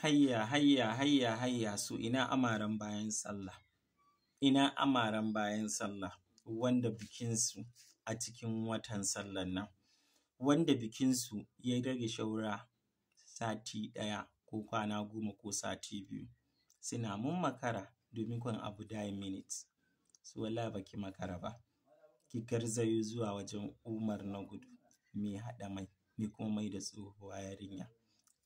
hayya hayya hayya hayya su ina amaran bayan sallah ina amaran bayan sallah wanda bikinsu a cikin watan sallar nan wanda bikinsu ya rage shaura sati ɗaya ko kwana goma ko sati biyu suna mun makara domin kwan abu die minit. su wala baki makara ba ki garzayo zuwa wajen umar na gudu mai haɗa mai mai kuma mai da tsohuwa yarinya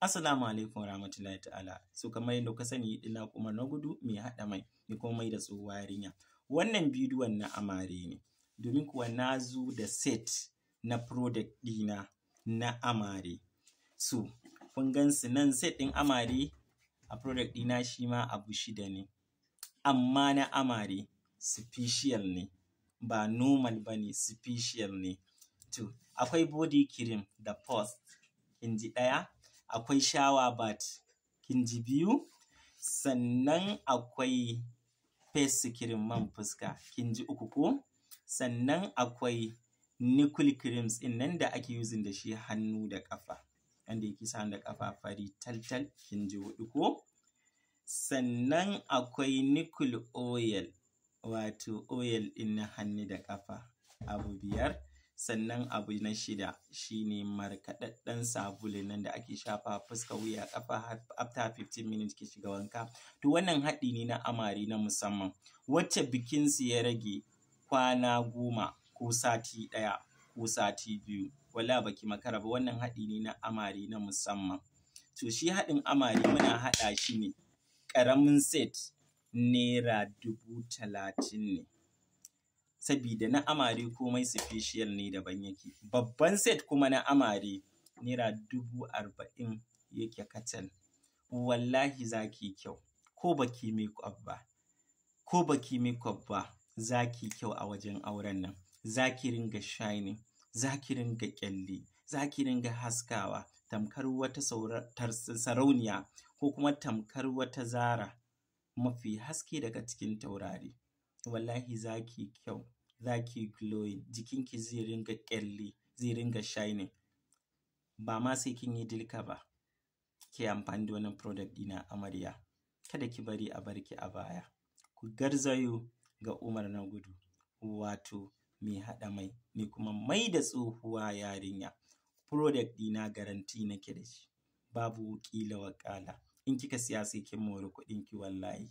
Assalamu alaikum warahmatullahi ta'ala. So kamar yadda kuka sani ina kuma na gudu mai haɗa mai ni kuma mai da tsohuwa yarinya. Wannan bidiyon na amare ne. Domin kuwa na zo da set na product ɗina na amare. So kun gan nan set ɗin amare a product ɗina shi ma abu shida ne. Amma na amare special ne ba normal ba ne special ne. To akwai body kirim da post in ji ɗaya akwai shawabat kin kinji biyu sannan akwai face cream man fuska kinji uku ko sannan akwai nickel creams din nan da ake using da shi hannu da kafa wanda yake sa da kafa fari taltal kinji hudu ko sannan akwai nickel oil wato oil din na hannu da kafa abu biyar sannan abu na shida shine markaɗaɗɗen sabulu nan da ake shafa fuska wuya ƙafa after 15 minutes ki shiga wanka to wannan haɗi ne na amari na musamman wacce bikin su ya rage kwana goma ko sati ɗaya ko sati biyu wala baki makara ba wannan haɗi ne na amari na musamman to shi haɗin amari muna haɗa shi ne ƙaramin set naira dubu talatin ne sabida na amare komai special ne daban yake babban set kuma na amare naira dubu arba'in yake kacal wallahi za zaki kyau ko baki kwab ba ko baki kwab ba zaki kyau a wajen auren nan Za zaki ringa za ki ringa kyalli ki ringa haskawa tamkar wata sarauniya ko kuma tamkar wata zara mafi haske daga cikin taurari wallahi za zaki kyau za ki glowing ki zai ringa kyalli zai ringa shining ba ma sai kin yi dilka ba ke amfani da wannan product na amarya kada ki bari a barki a baya ku garzayo ga umar na gudu wato mai haɗa mai ni kuma mai da tsohuwa yarinya product ɗina garanti nake da shi babu ƙila wakala in kika siya sai kin kuɗin kuɗinki wallahi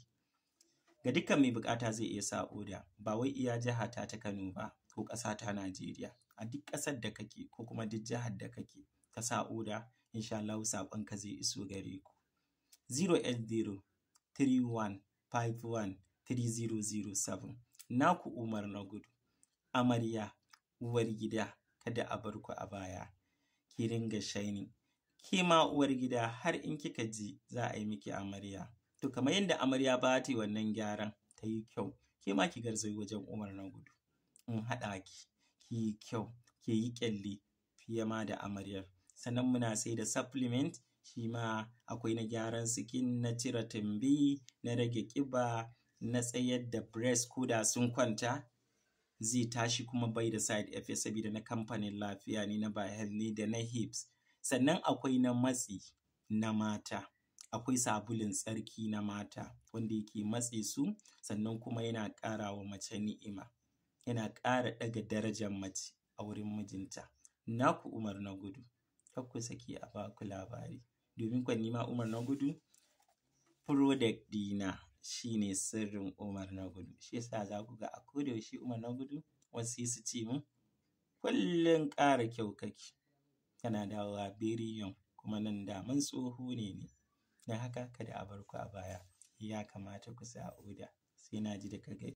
ga dukkan mai bukata zai iya sa oda ba wai iya jiha ta ta Kano ba ko ƙasa ta Najeriya a duk ƙasar da kake ko kuma duk jihar da kake ka sa oda insha Allah sakon ka zai iso gare ku 08031513007 naku Umar na gudu amarya uwar gida kada a bar ku a baya ki ringa shaini ke ma uwar gida har in kika ji za a yi miki amarya to kamar yadda amarya ba ta yi wannan gyaran ta yi kyau ke ma ki garzayi wajen umar na gudu in haɗa ki ki yi kyau ke yi kyalle fiye ma da amaryar sannan muna sai da supplement shi ma akwai na gyaran skin na cire tumbi na rage ƙiba na tsayar da breast ko da sun kwanta zai tashi kuma bai da side effect saboda na kamfanin lafiya ne na bahel ne da na hips sannan akwai na matsi na mata akwai sabulin tsarki na mata wanda yake matse su sannan kuma yana ƙara wa mace ni'ima yana ƙara ɗaga darajar mace a wurin mijinta naku umar na gudu kar ku sake a baku labari domin kwa nima umar na gudu product dina shine sirrin umar na gudu shi yasa za ku ga a shi umar na gudu wasu su ce min kullum ƙara kyau kake kana dawowa biriyon kuma nan daman tsoho ne ne Don haka kada a bar ku a baya, ya kamata ku sa oda, sai na ji daga ka